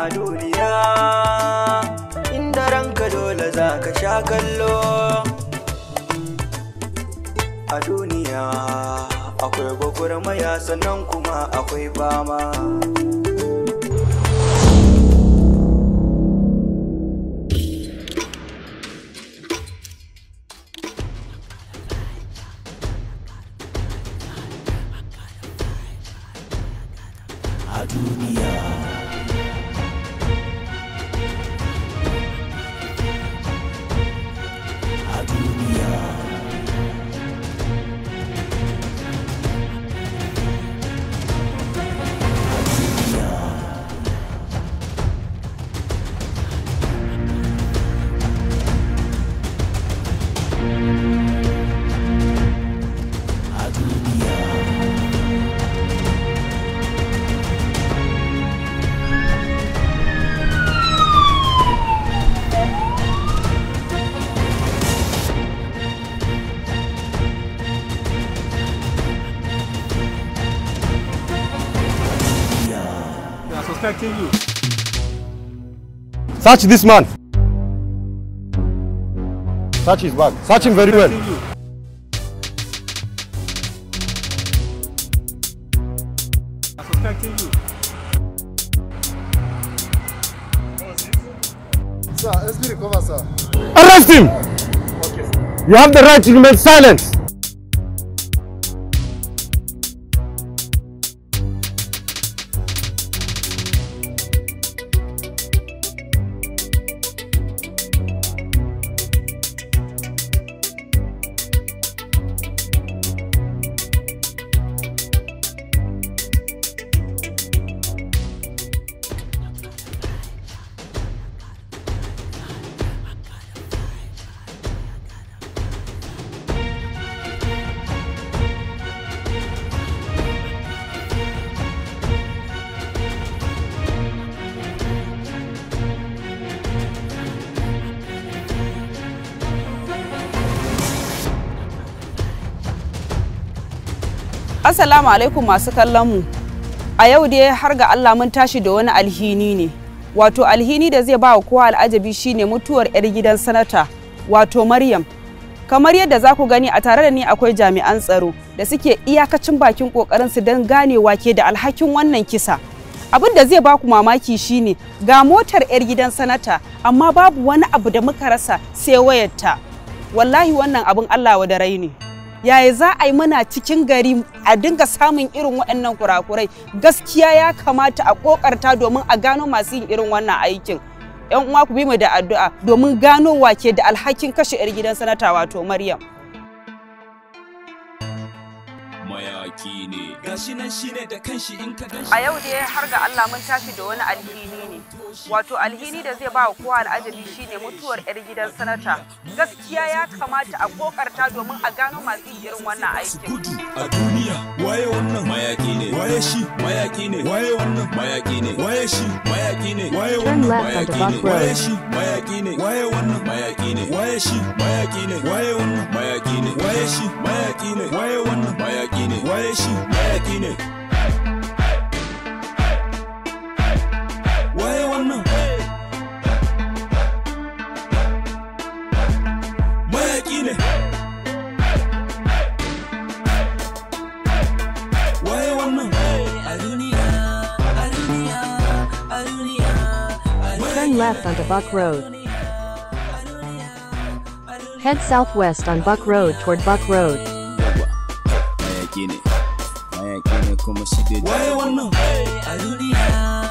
a duniya inda ranka dole za ka sha kallo a duniya akwai gwagwarmaya sannan kuma akwai fama tell you. Search this man. Search his bag. Search him very well. Sir, let's be recover, sir. Arrest him! Okay. You have the right to remain silent. Assalamu alaikum masu kallon mu. A yau dai har ga Allah mun tashi da wani alhini ne. Wato alhini da zai ba wa kowa al'ajabi shine mutuwar 'yar gidan sanata, wato Maryam. Kamar yadda za ku gani a tare da ni akwai jami'an tsaro da suke iyakacin bakin su don ganewa ke da alhakin wannan kisa. Abin da zai ba ku mamaki shine ga motar 'yar gidan sanata amma babu wani abu da muka rasa sai wayarta. Wallahi wannan abin Allah wa da ne. yaya za a yi mana cikin gari a dinga samun irin waɗannan kurakurai gaskiya ya kamata a ƙoƙarta domin a gano masu yin irin wannan aikin yan uwa ku bi mu da addu'a domin gano wake da alhakin kashe 'yar gidan sanata wato maryam mayaki ne gashi nan shine da kanshi in ka gashi a yau dai har ga Allah mun tashi da wani alhini ne wato alhini da zai ba wa kowa al'ajabi shine mutuwar yar gidan sanata gaskiya ya kamata a kokarta domin a gano masu irin wannan aikin gudu a duniya waye wannan mayaki ne waye shi mayaki ne waye wannan mayaki ne waye shi mayaki ne waye wannan mayaki ne waye shi mayaki ne waye wannan mayaki ne waye shi mayaki ne waye wannan mayaki ne waye shi mayaki ne waye wannan mayaki ne waye shi Turn left onto Buck Road. Head southwest on Buck Road toward Buck Road. kuma shi daidai. Wai wannan a duniya.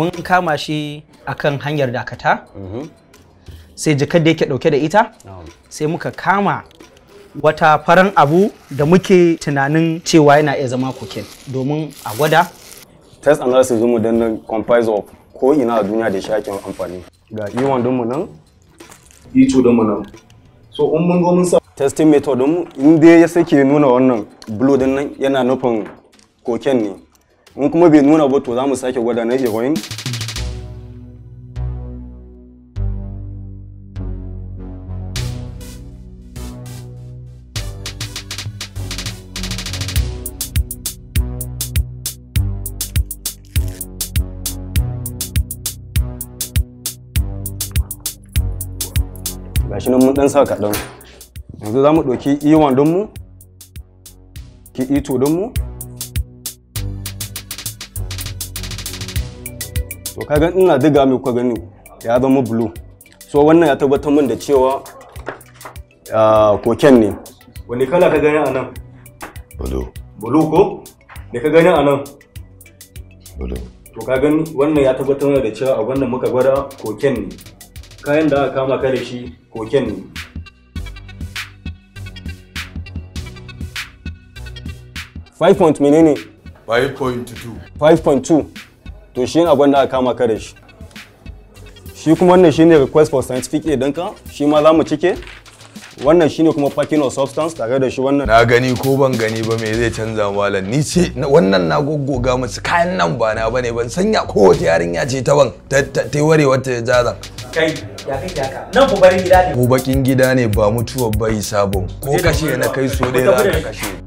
mun kama shi akan hanyar dakata mm-hmm. sai jikar da yake dauke da ita sai muka kama wata faran abu da muke tunanin cewa yana iya zama kokin domin a gwada test analysis mu dan comprise of ko ina a duniya da shi ake amfani ga iwon e mu nan ito e mu nan so in mun zo mun sa testing method mu inda ya sake nuna wannan blue din nan yana nufin koken ne in kuma bai nuna ba to za mu sake gwada na heroin gashi nan mun dan sa kaɗan yanzu za mu ɗauki e iwan 1 mu ki ito e 2 mu so kaga ina diga mai kuka gani ya zama blue so wannan ya tabbatar min da cewa koken ne wani kala ka gani a nan blue blue ko ne ka gani a nan blue to ka wannan ya tabbatar da cewa a wannan muka gwada koken ne kayan da aka kama kare da shi koken ne Five point menene? point two. to shi abin da aka kama ka da shi shi kuma wannan shine request for scientific aid ɗinka shi ma za mu cike wannan shine kuma packing of substance tare da shi wannan na gani ko ban gani ba me zai canza malam ni ce wannan na goggoga musu kayan nan ba na bane ban sanya kowace yarinya ce ta ban ta ware wata jazan kai ya kai ka nan gobarin gida ne gobakin gida ne ba mutuwar bai sabon ko kashe na kai so ɗaya za ka kashe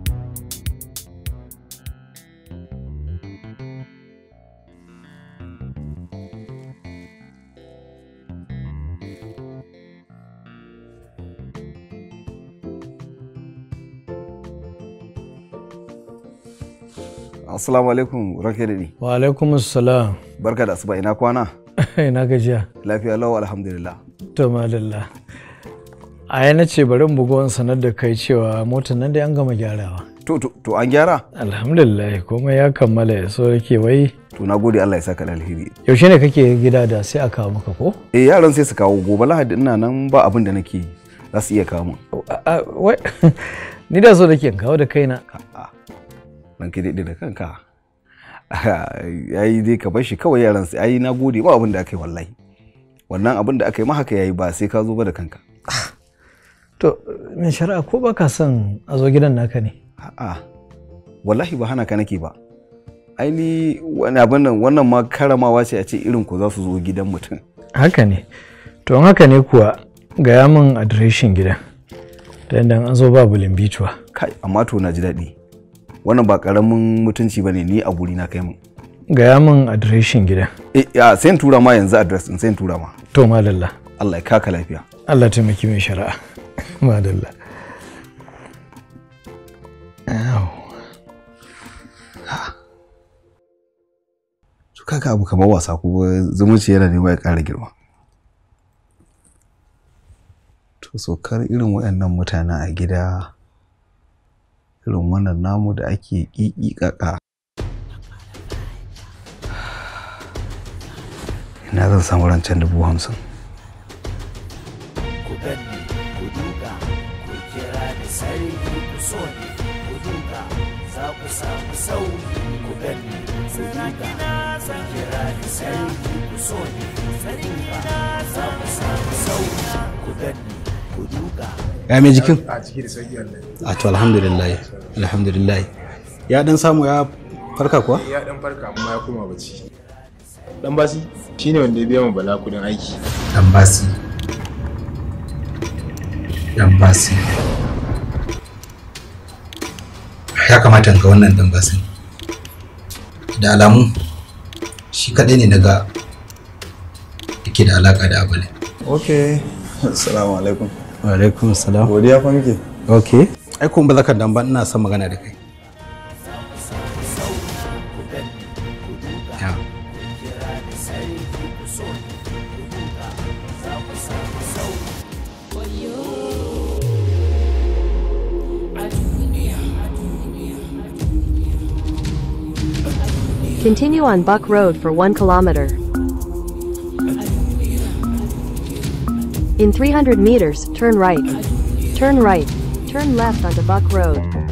Assalamu alaikum ranke da ni. Wa alaikum assalam. Barka da asuba ina kwana? ina gajiya. Lafiya lau alhamdulillah. To malalla. A yana ce bari mu sanar da kai cewa motar nan dai an gama gyarawa. To to to an gyara? Alhamdulillah komai ya kammala ya so yake wai. To na gode Allah ya saka da alheri. Yaushe ne kake gida da sai a kawo maka ko? Eh yaran sai su kawo gobe Lahadi ina nan ba abin da nake yi. Za su iya kawo mun. Ni da so nake kawo da kaina. A'a. ranka dai da kanka yayi dai ka bar shi kawai yaran sai na nagode ba abin da aka yi wallahi wannan abin da aka yi ma haka yayi ba sai ka zo ba da kanka to mai shari'a ko ba ka son a zo gidan naka ne a'a wallahi ba hana ka nake ba aini wani abin nan wannan ma karamawa ce a ce irin ku za su zo gidan mutum haka ne to haka ne kuwa gaya min adireshin gidan ta yadda an zo babu limbituwa kai amma to na ji daɗi wannan ba karamin mutunci bane ni a guri na kai mun gaya min adireshin gida eh ya sai tura ma yanzu address din sai tura ma to madalla Allah ya kaka lafiya Allah taimaki mai shari'a madalla to kaka abu kamar wasa ko zumunci yana ne ya ƙara girma to kar irin waɗannan mutanen a gida irin wannan namu da ake ƙiƙiƙaƙa ina zan samu rancen dubu hamsin ku danne ku duka ku kira da sarki ku so ne ku duka za ku samu sauki ku danne ku duka ku kira da sarki ku ku za ku samu sauki ku danne ya mai jikin a to alhamdulillah alhamdulillah ya dan samu ya farka kuwa ya dan farka amma ya koma bacci dan basi shine wanda ya biya mu bala kudin aiki dan basi dan basi ya kamata ga wannan dan basin da alamu shi kadai ne daga yake da alaka da abulin okay assalamu alaikum wa alaikum salam godiya fa muke okay ai kun ba zaka dan ba ina son magana da kai ya. Continue on Buck Road for one kilometer. In 300 meters, turn right. Turn right. Turn left onto Buck Road.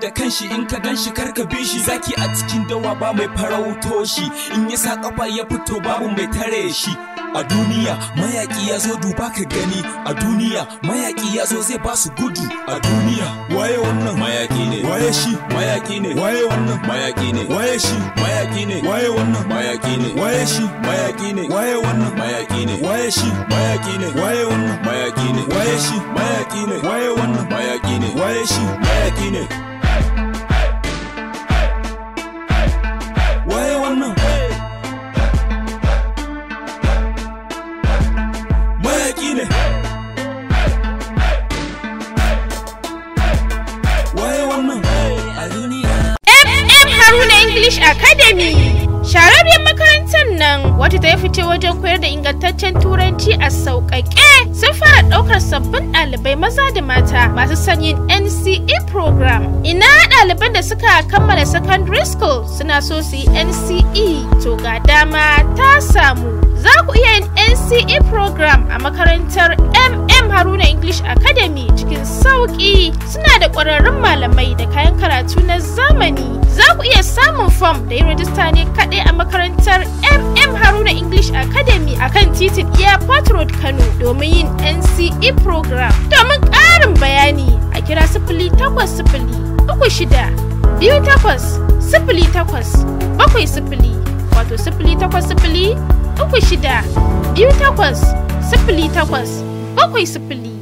da kanshi in ka gan shi karka bi shi zaki a cikin dawa ba mai farauto shi in ya sa kafa ya fito babu mai tare shi a duniya mayaki ya zo duba ka gani a duniya mayaki ya zo zai ba su gudu a duniya waye wannan mayaki ne waye shi mayaki ne waye wannan mayaki ne waye shi mayaki ne waye wannan mayaki ne waye shi mayaki ne waye wannan mayaki ne waye shi mayaki ne waye wannan mayaki ne waye shi mayaki ne waye wannan mayaki ne waye shi mayaki ne fice wajen koyar da ingantaccen turanci a sauƙaƙe sun fara ɗaukar sabbin ɗalibai maza da mata masu sanyin NCE program. Ina ɗaliban da suka kammala secondary school suna so su yi NCE to ga dama ta samu. Za ku iya yin NCE program a makarantar MM Haruna English Academy cikin sauƙi suna da ƙwararrun malamai da kayan karatu na zamani. Za ku iya samun fom da yin rajista ne kaɗai a makarantar MM Haruna English Academy a kan titin Airport Road Kano domin yin NCE program. Domin ƙarin bayani a kira sifili takwas sifili uku shida biyu takwas sifili takwas bakwai sifili wato sifili takwas sifili uku shida biyu takwas sifili takwas bakwai sifili.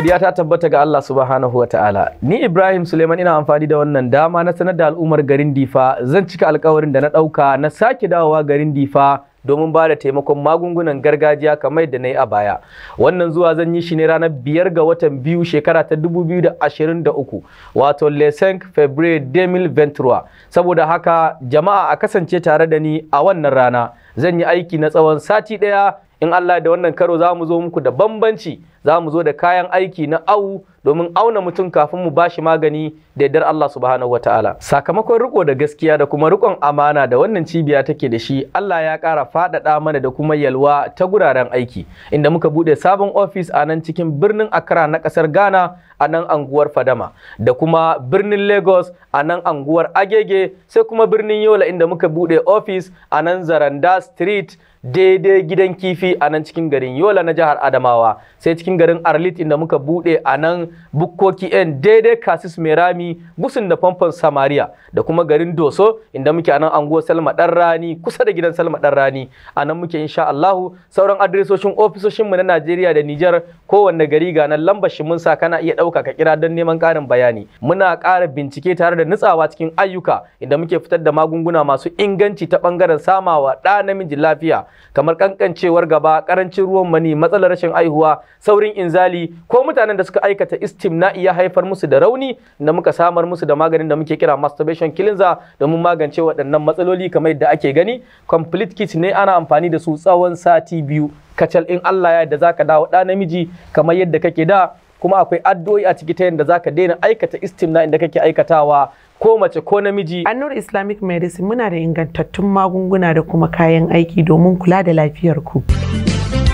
godiya ta tabbata ga Allah subhanahu wa ta'ala ni Ibrahim Suleiman ina amfani da wannan dama na sanar da al'ummar garin Difa zan cika alkawarin da na ɗauka na sake dawowa garin Difa domin ba da taimakon magungunan gargajiya kamar da na yi a baya wannan zuwa zan yi shi ne ranar biyar ga watan biyu shekara ta 2023 wato lesenk february demil ventura saboda haka jama'a a kasance tare da ni a wannan rana zan yi aiki na tsawon sati ɗaya in Allah da wannan karo za mu zo muku da bambanci za mu zo da kayan aiki na awu domin auna mutum kafin mu bashi magani da yardar Allah subhanahu wataala sakamakon riko da gaskiya da kuma rikon amana da wannan cibiya take da shi Allah ya ƙara faɗaɗa mana da kuma yalwa ta guraren aiki inda muka buɗe sabon ofis a nan cikin birnin Accra na ƙasar Ghana a nan anguwar Fadama da kuma birnin Lagos a nan anguwar Agege sai kuma birnin Yola inda muka buɗe ofis a nan Zaranda Street daidai gidan kifi a nan cikin garin yola na jihar adamawa sai cikin garin arlit inda muka bude a nan bukkoki yan daidai kasis merami gusun da famfon samaria da kuma garin doso inda muke a nan anguwar salma dan rani kusa da gidan salma dan rani a nan muke insha allahu sauran adresoshin ofisoshin mu na najeriya da nijar kowanne gari ga nan lambar shi mun sa kana iya ɗauka ka kira don neman karin bayani muna ƙara bincike tare da nutsawa cikin ayyuka inda muke fitar da magunguna masu inganci ta ɓangaren samawa ɗa namiji lafiya kamar kankancewar gaba karancin ruwan mani matsalar rashin aihuwa saurin inzali ko mutanen da suka aikata istimna'i ya haifar musu da rauni da muka samar musu da maganin da muke kira masturbation cleanser domin magance waɗannan matsaloli kamar yadda ake gani complete kit ne ana amfani da su tsawon sati biyu kacal in Allah ya da zaka dawo da namiji kamar yadda kake da kuma akwai addu'o'i a ciki ta yadda zaka daina aikata istimna inda kake aikatawa ko mace ko namiji. A Nur Islamic Medicine muna da ingantattun magunguna da kuma kayan aiki domin kula da lafiyar ku.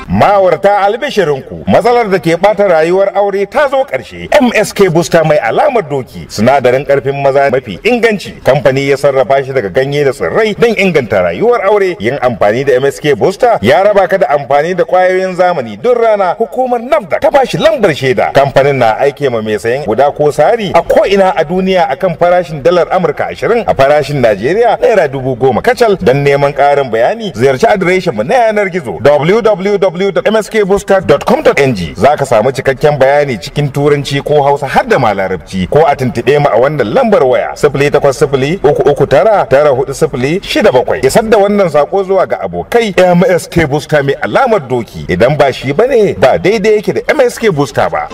ma'aurata albishirinku matsalar da ke bata rayuwar aure ta zo ƙarshe msk busta mai alamar doki sinadarin ƙarfin maza mafi inganci kamfani ya sarrafa shi daga ganye da tsirrai don inganta rayuwar aure yin amfani da msk busta ya raba ka da amfani da ƙwayoyin zamani don rana hukumar nafda ta bashi lambar shaida kamfanin na aike ma mai sayan guda ko sari a ko ina a duniya akan farashin dalar amurka ashirin a farashin najeriya naira dubu goma kacal don neman ƙarin bayani ziyarci adireshin mu na yanar gizo www www.mskbooster.com.ng za ka samu cikakken bayani cikin turanci ko hausa har da ma larabci ko a tuntuɓe mu a wannan lambar waya sifili takwas sifili uku uku tara tara hudu sifili shida bakwai isar da wannan sako zuwa ga abokai msk booster mai alamar doki idan ba shi ba ne ba daidai yake da msk booster ba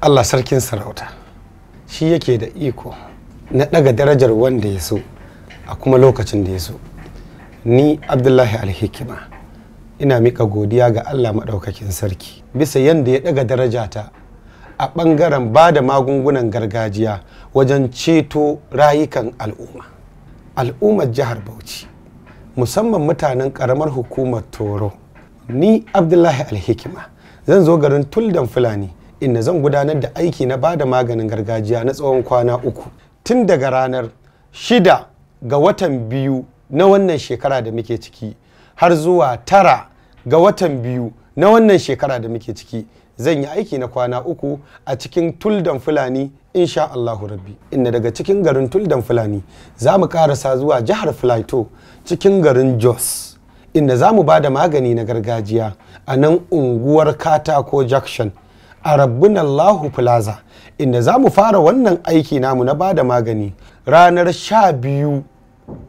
Allah sarkin sarauta shi yake da iko na daga darajar wanda ya so a kuma lokacin da ya so ni abdullahi alhikima ina miƙa godiya ga Allah maɗaukakin sarki bisa yadda ya ɗaga daraja ta a ɓangaren ba da magungunan gargajiya wajen ceto rayukan al'umma al'ummar jihar bauchi musamman mutanen ƙaramar hukumar toro ni abdullahi alhikima zan zo garin tuldan fulani inda zan gudanar da aiki na ba da maganin gargajiya na tsawon kwana uku tun daga ranar shida ga watan biyu na wannan shekara da muke ciki har zuwa tara ga watan biyu na wannan shekara da muke ciki zan yi aiki na kwana uku a cikin tuldan fulani insha Allahu rabbi inda daga cikin garin tuldan fulani za mu karasa zuwa jihar filato cikin garin jos inda za mu ba da magani na gargajiya a nan unguwar katako junction a rabbin Allahu plaza inda za mu fara wannan aiki namu na bada magani ranar sha biyu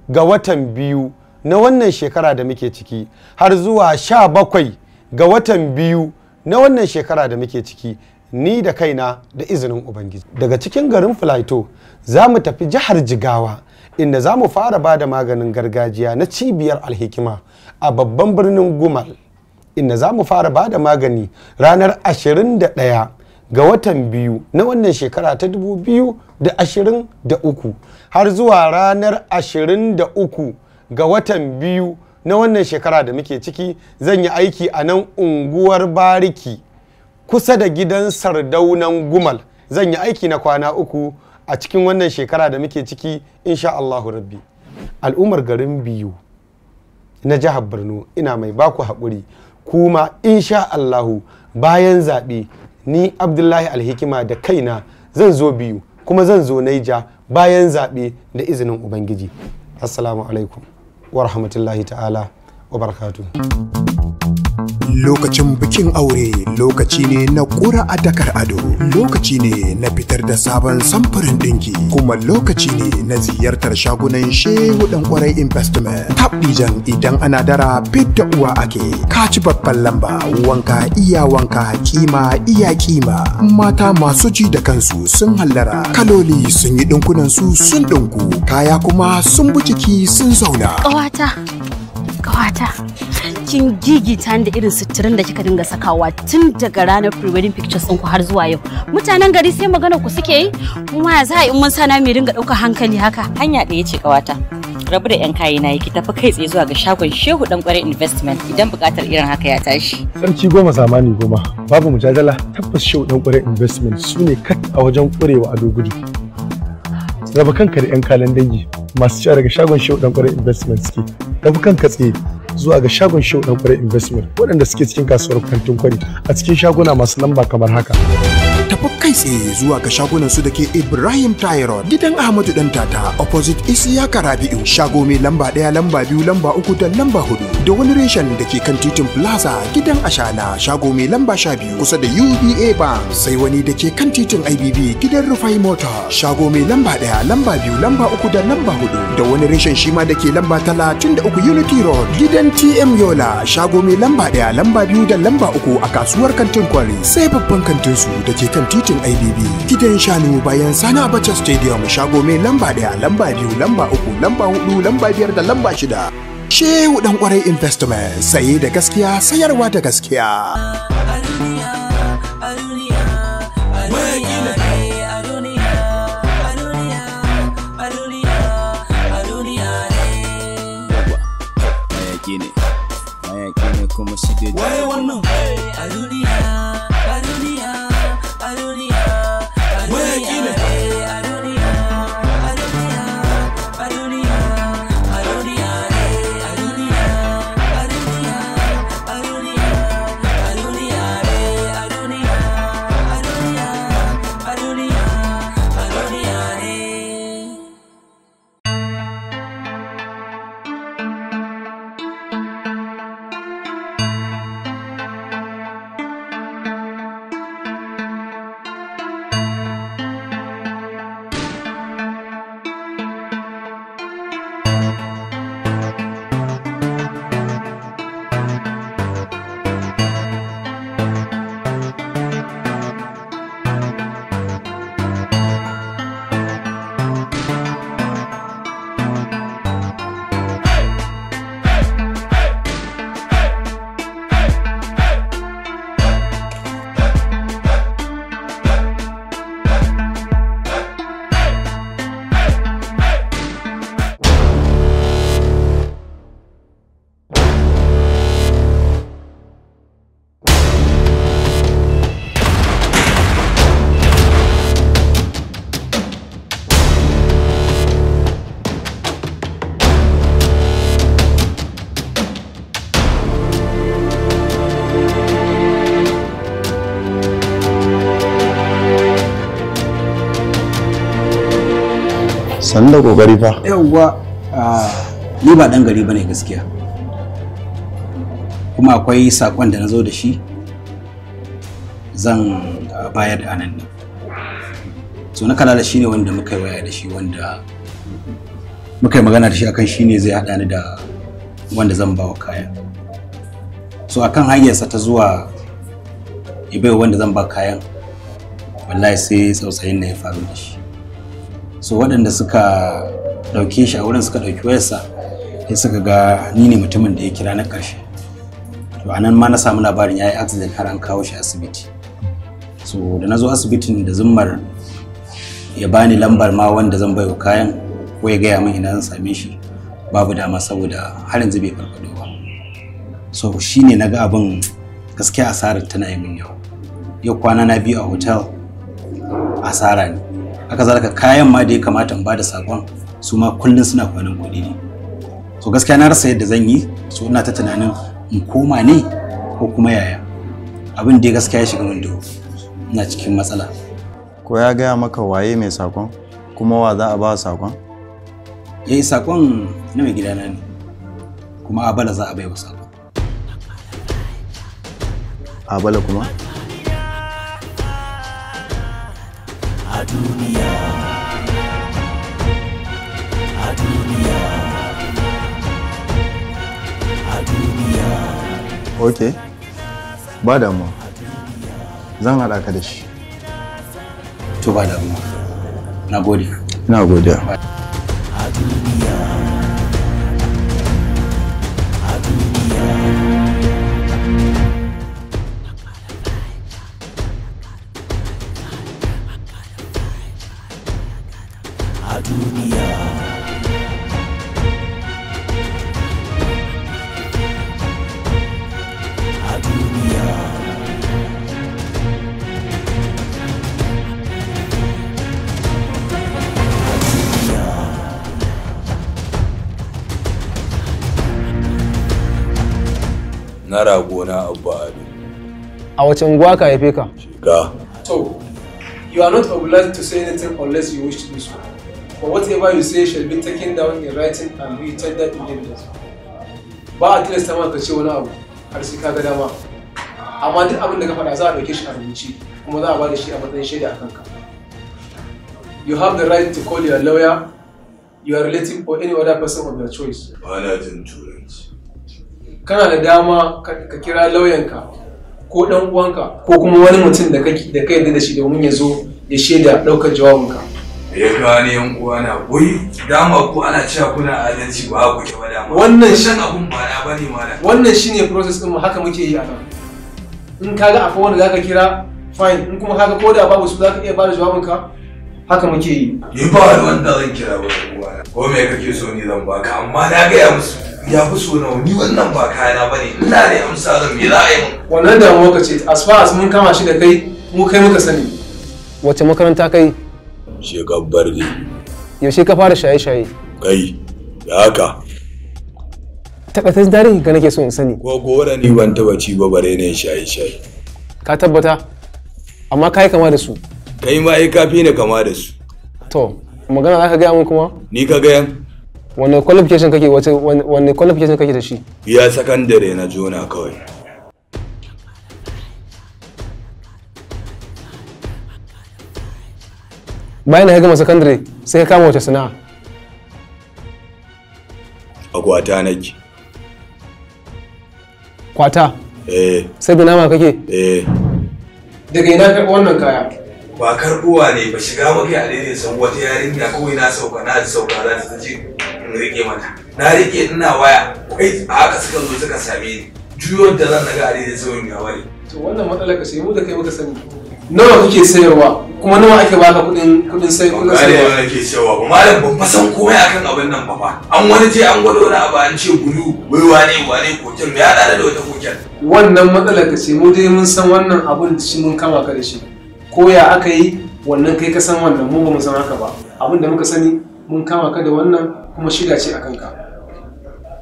ga watan biyu na wannan shekara da muke ciki har zuwa sha bakwai ga watan biyu na wannan shekara da muke ciki ni da kaina da izinin ubangiji daga cikin garin filaito za mu tafi jihar jigawa inda za mu fara ba da maganin gargajiya na cibiyar alhikima a babban birnin gumal inda za mu fara ba da magani ranar 21 ga watan biyu na wannan shekara ta 2023 har zuwa ranar 23 ga watan biyu na wannan shekara da muke ciki zan yi aiki a nan unguwar bariki kusa da gidan sardaunan gumal zan yi aiki na kwana uku a cikin wannan shekara da muke ciki insha Allahu rabbi al'ummar garin biyu na jihar borno ina mai baku haƙuri kuma insha Allahu bayan zaɓe ni abdullahi alhikima da kaina zan zo biyu kuma zan zo naija bayan zaɓe da izinin ubangiji assalamu alaikum wa rahmatullahi ta'ala wa Lokacin bikin aure lokaci ne na ƙura a dakar ado, lokaci ne na fitar da sabon samfurin ɗinki, kuma lokaci ne na ziyartar shagunan shehu dan ƙwarai investment. Tabdijan idan ana dara fit da uwa ake, kaci babban lamba, wanka iya wanka, kima iya kima. Mata masu ji da kansu sun hallara, kaloli sun yi ɗinkunan su sun ɗinku, kaya kuma sun bi ciki sun zauna. Kawata! Kawata! kin gigita da irin suturin da kika dinga sakawa tun daga ranar pre-wedding pictures ɗinku har zuwa yau. Mutanen gari sai magana ku suke yi, kuma za a in mun sana mai dinga ɗaukar hankali haka. Hanya ɗaya ce kawata. Rabu da 'yan kayi na ki tafi kai tsaye zuwa ga shagon Shehu ɗan kwarai investment idan buƙatar irin haka ya tashi. Sarki goma samani goma babu mujadala tabbas Shehu ɗan kwarai investment su ne kat a wajen ƙurewa a dogudu. Raba kanka da 'yan kalan dangi masu cewa daga shagon Shehu ɗan kwarai investment suke. Rabu kanka tsaye zuwa ga shagon show na kwarai investment waɗanda suke cikin kasuwar kantin kwari a cikin shaguna masu lamba kamar haka tafi kai tsaye zuwa ga shagunan su da ke Ibrahim Tyrod gidan Ahmadu dan tata opposite Isiyaka Rabi'u shago mai lamba ɗaya lamba biyu lamba uku da lamba hudu da wani reshen da ke kan titin Plaza gidan Ashana shago mai lamba sha biyu kusa da UBA Bank sai wani da ke kan titin IBB gidan Rufai Motor shago mai lamba ɗaya lamba biyu lamba uku da lamba hudu da wani reshen shima da ke lamba talatin da uku Unity Road gidan MTM Yola shago mai lamba ɗaya lamba biyu da lamba uku a kasuwar kantin kwari sai babban kantin su da ke kan titin IBB. Gidan shanu bayan sana Abacha Stadium shago mai lamba ɗaya lamba biyu lamba uku lamba hudu lamba biyar da lamba shida. Shehu dan kwarai investment saye da gaskiya sayarwa da gaskiya. Why you want know? san da kokari fa yauwa ni ba dan gari bane gaskiya kuma akwai sakon da na zo da shi zan bayar da nan so na kalala shi ne wanda muka yi waya da shi wanda muka yi magana da shi akan shi ne zai haɗa ni da wanda zan bawa kaya so akan hanyarsa ta zuwa ibai wanda zan ba kayan wallahi sai tsautsayin na ya faru da shi so waɗanda suka ɗauke shi a wurin suka ɗauki wayarsa sai suka ga ni ne mutumin da ya kira na ƙarshe to anan ma na samu labarin yayi yi accident har an kawo shi asibiti so da na zo asibitin da zummar ya bani lambar ma wanda zan baiwa kayan ko ya gaya min ina zan same shi babu dama saboda har yanzu bai farfado ba so shine na ga abin gaskiya asarar tana yi min yau yau kwana na biyu a hotel asara ne haka zalika kayan ma da ya kamata in bada sakon su ma kullun suna kwanan kuɗi ne so gaskiya na rasa yadda zan yi so ina ta tunanin in koma ne ko kuma yaya abin da gaskiya ya shiga min duhu ina cikin matsala ko ya gaya maka waye mai sakon kuma wa za a ba sakon eh sakon na mai gidana ne kuma abala za a baiwa sakon abala kuma a duniya a duniya a duniya ok ba damuwa zan haɗa ka da shi to ba damuwa na gode na gode a duniya na rago na abba ado a wace unguwa ka haife ka shiga to you are not obliged to say anything unless you wish to do so but whatever you say shall be taken down in writing and be tendered in evidence ba a tilasta ma ka ce wani abu har sai ka ga dama amma duk abin da ka faɗa za a ɗauke shi a rubuce kuma za a da shi a matsayin shaida a kanka you have the right to call your lawyer your relative or any other person of your choice ba na jin turanci kana da dama ka kira lauyanka ko dan uwanka ko kuma wani mutum da kai da kai da shi domin ya zo ya shaida daukar jawabinka ya kawo ne yan uwana wai dama ko ana cewa kuna adalci ba ku ke ba wannan shan abun ba na bane mala wannan shine process din mu haka muke yi a nan in ka ga akwai wanda zaka kira fine in kuma kaga koda babu su zaka iya bada jawabinka haka muke yi. Ni ba wanda zan kira ba uwana. Ko me kake so ni zan baka amma na ya musu ya fi so nawa ni wannan ba kayana ba ne ina da amsa da me za a yi wannan da muka ce as far as mun kama shi da kai mu kai muka sani wace makaranta kai shekar barde yaushe ka fara shaye-shaye kai da haka takaitaccen tarihi ka nake so in sani ko gora ni ban taɓa ci ba bare ne shaye-shaye ka tabbata amma ka yi kama da su kai ma ai kafi ne kama da su to magana za ka gaya mun kuma ni ka gaya wani qualification kake wace wani qualification kake da shi ya sakandare na jona kawai bayan na gama sakandare sai ka kama wata sana'a a kwata nake kwata eh sai da nama kake eh daga ina karɓi wannan kaya ba karɓuwa ne ba shiga muke a daidai san wata yarinya kawai na sauka na sauka za ta ji in rike mata na rike ina waya kai a haka suka zo suka same ni juyon da zan naga are sai sauyin ya ware to wannan matsalar ka sai mu da kai muka sani nawa kuke sayarwa kuma nawa ake baka kudin kudin sai kudin sai ba ne ke cewa ba malam ban fasan komai akan abin nan ba fa an wani je an gwado wani abu an ce gulu wai wane wane kokin ya dada da wata kokin wannan matsalar ka ce mu dai mun san wannan abun shi mun kama ka da shi ko ya aka yi wannan kai ka san wannan mu ba mu san haka ba abin da muka sani mun kama ka da wannan kuma shiga ce a kanka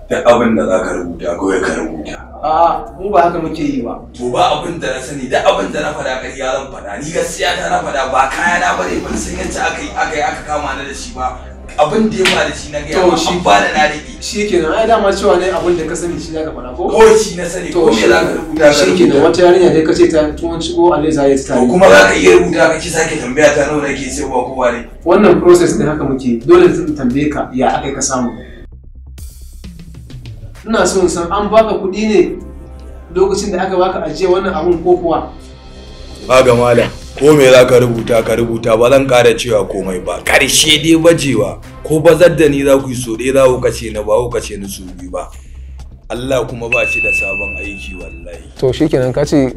Da abin da za ka rubuta ya ka rubuta a'a mu ba haka muke yi ba to ba abin da na sani da abin da na faɗa ƙarya zan faɗa ni gaskiya ta na faɗa ba kaya na bare ban san yadda aka yi aka yi aka kama na da shi ba abin da ya faru shi na gaya to shi ba da na rage shi kenan ai dama cewa ne abin da ka sani shi zaka fara ko ko shi na sani ko me zaka rubuta shi kenan wata yarinya dai kace ta tuwon shigo Allah ya yi ta to kuma zaka iya rubuta ka ci sake tambaya ta nawa nake sai wa kowa ne wannan process ne haka muke dole zan tambaye ka ya akai ka samu ina so in san an baka kuɗi ne lokacin da aka baka ajiye wannan abun ko kuwa ba ga malam ko me za ka rubuta ka rubuta ba zan kara cewa komai ba ƙarshe dai bajewa ko bazar da ni za ku yi so ɗaya za ku kace na ba ku kace ni su biyu ba Allah kuma ba shi da sabon aiki wallahi to shikenan ka ce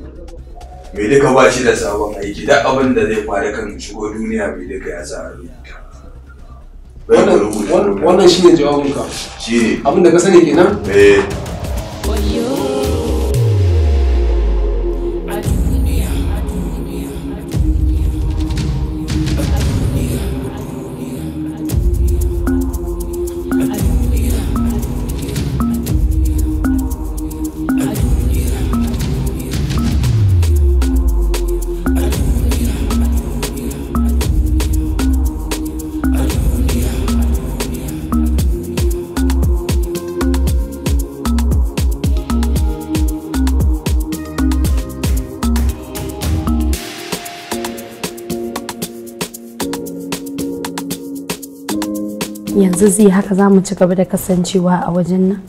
me duka ba shi da sabon aiki da abin da zai faru kan shigo duniya me duka ya sa rubuta wannan shi ne jawabinka shi ne abin da ka sani kenan eh zai haka za mu ci gaba da kasancewa a wajen nan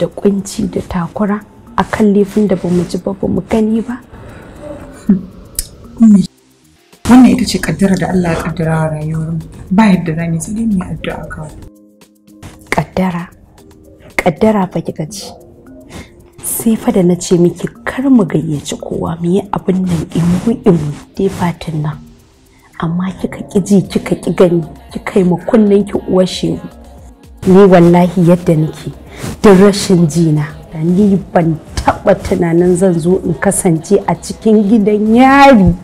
da kunci da takura a kan laifin da bamu ji ba bamu gani ba wannan ita ce kaddara da Allah ya kaddara a rayuwar ba yadda za mu yi sai mai addu'a ka. kaddara kaddara fa kika ci sai fa da na ce miki kar mu gayyaci kowa mu yi abin nan in mu dai fatin nan amma kika ki ji kika ki gani kika yi kunnen ki uwar shegu ni wallahi yadda nake duk rashin jina da ni ban taɓa tunanin zan zo in kasance a cikin gidan yari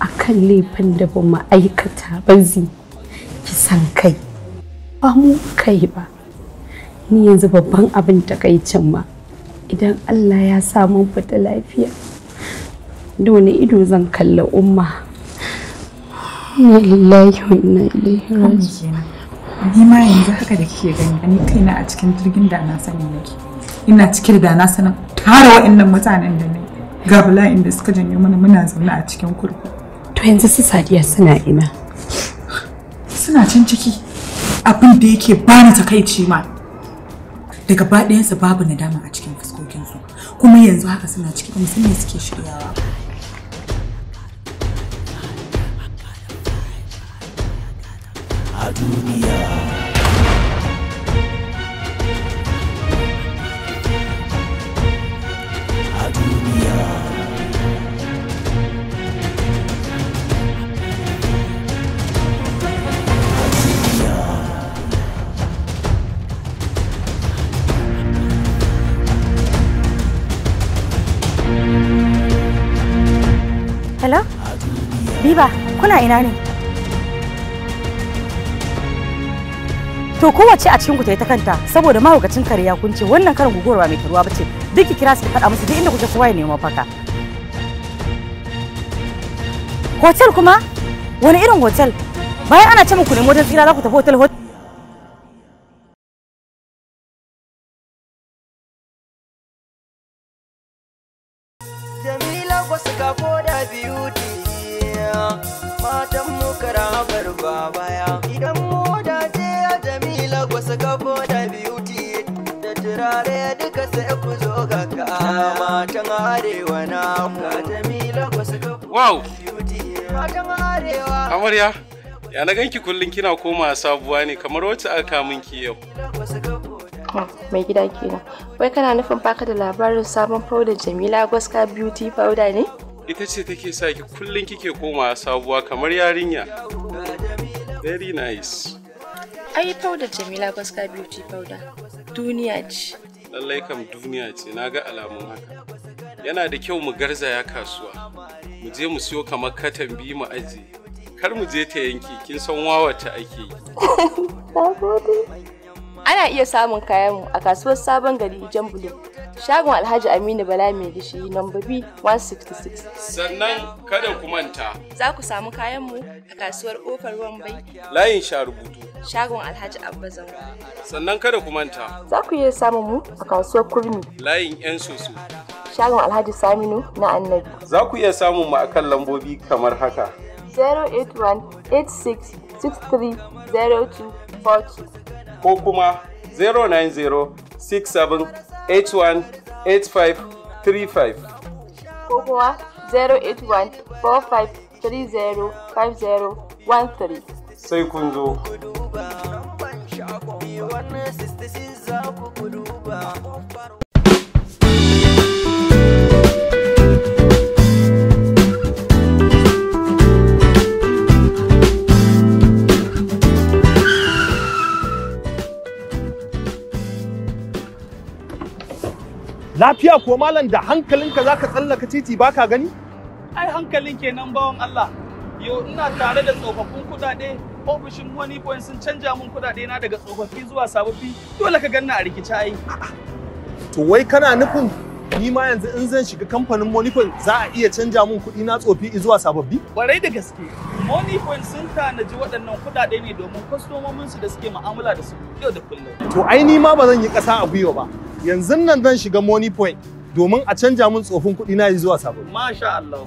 a kan laifin da ba ma'aikata aikata ba zai ki san kai ba mu kai ba ni yanzu babban abin takaicin ma idan Allah ya samu fita lafiya dole ido zan kalla umma Inna lillahi wa inna ilaihi raji'un. Ni ma yanzu haka da kike gani ni kaina a cikin jirgin da na sani nake. Ina cikin da na sanin tare wa'annan mutanen da ne. Ga bala'in da suka janyo mana muna zaune a cikin kurkuku. To yanzu su Sadiya suna ina. Suna can ciki. Abin da yake bani takaici ma. Daga baɗayansa babu nadama a cikin fuskokinsu. Kuma yanzu haka suna cikin musamman suke shiryawa. duniya Hello? Biba, kuna ina ne? to kowace a cikin ku ta yi ta kanta saboda mahaukacin kare ya kunce wannan karin guguwar ba mai taruwa bace duk ki kira su ki faɗa musu duk inda kuke kowa ya nemi mafaka hotel kuma wani irin hotel bayan ana ce muku nemo don tsira za ku tafi hotel hotel amarya ya na ganki kullum kina koma sabuwa ne kamar wacce aka ki yau ah, mai gida kenan wai kana nufin baka da labarin sabon powder jamila goska beauty powder ne ita ce take sa ki kullum kike koma sabuwa kamar yarinya very nice ai powder jamila goska beauty powder duniya ce lallai kam duniya ce na ga alamun haka yana da kyau mu garzaya kasuwa mu je mu siyo kamar katan bi mu ajiye kar mu je ta yanki kin san wawace ake yi ana iya samun kayan mu a kasuwar sabon gari jambulin shagon alhaji aminu bala mai gishiri nomba b 166 sannan kada ku manta za ku samu kayan mu a kasuwar kofar wambai layin sha rubutu shagon alhaji abba zango sannan kada ku manta za ku iya samun mu a kasuwar kurmi layin yan soso shagon alhaji saminu na annabi za ku iya samun mu kan lambobi kamar haka 08186630242 ko kuma 09067818535 ko kuma 08145305013 sai kun zo. lafiya ko malam da hankalinka zaka tsallaka titi baka gani ai hankalin kenan bawan Allah yo ina tare da tsofaffin kudade ofishin wani point sun canja mun kudade na daga tsofaffi zuwa sababbi dole ka ganna a rikice ai to wai kana nufin ni ma yanzu in zan shiga kamfanin Moneypoint za a iya canja mun kuɗi na tsofi zuwa sababbi? Kwarai da gaske. Moneypoint sun tanaji waɗannan kuɗaɗe ne domin kwastomominsu da suke mu'amala da su yau da kullum. To ai ni ma ba zan yi ƙasa a gwiwa ba. yanzu nan zan shiga money point domin a canja mun tsofin kuɗi na yi zuwa sabon. Masha Allah.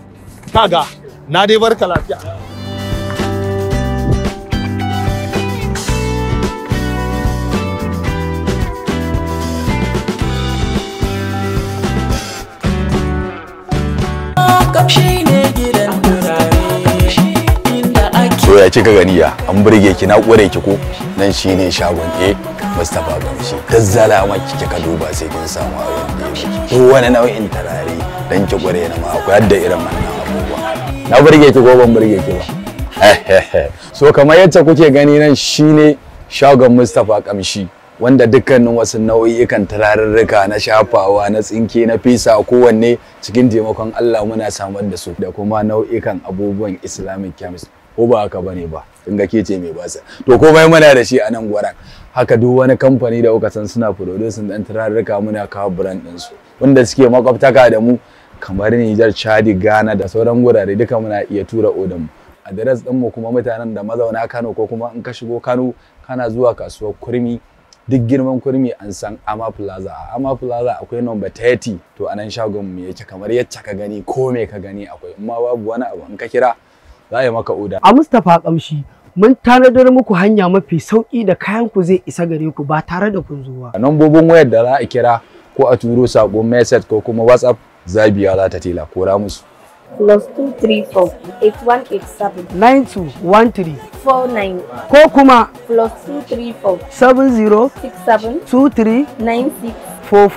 Kaga na dai barka lafiya. ya kika gani ya an burge ki na kware ki ko nan shine shagon eh Mustapha Gamshi dazzala ma kike ka duba sai kin samu abin da ya ko wani nau'in tarare dan ki kware na ma akwai hadda irin wannan abubuwa na burge ki ko ban burge ki ba so kamar yadda kuke gani nan shine shagon mustafa Kamshi wanda dukkanin wasu nau'ikan turarurruka na shafawa na tsinke na fisa kowanne cikin taimakon Allah muna samar da su da kuma nau'ikan abubuwan Islamic chemistry ko ba haka bane ba kin ga kece mai basa to komai muna da shi a nan gwaran haka duk wani kamfani da kuka san suna producing dan turarruka muna kawo brand din su wanda suke makwabtaka da mu kamar Nijar, Chadi, Ghana da sauran gurare duka muna iya tura odan mu adres din mu kuma mutanen da mazauna Kano ko kuma in ka shigo Kano kana zuwa kasuwar Kurmi duk girman kurmi an san ama plaza a ama plaza akwai number 30 to anan shagon mu yake kamar yacce ka gani ko me ka gani akwai amma babu wani abu in ka kira za a yi maka oda a mustapha kamshi mun tanadar muku hanya mafi sauki da kayan ku zai isa gare ku ba tare da kun zuwa. ba nambobin wayar da za a kira ko a turo sakon message ko kuma whatsapp zabiya za ta tela kora musu plus 234-8187-9213-49 ko kuma plus 234-70-67-23-96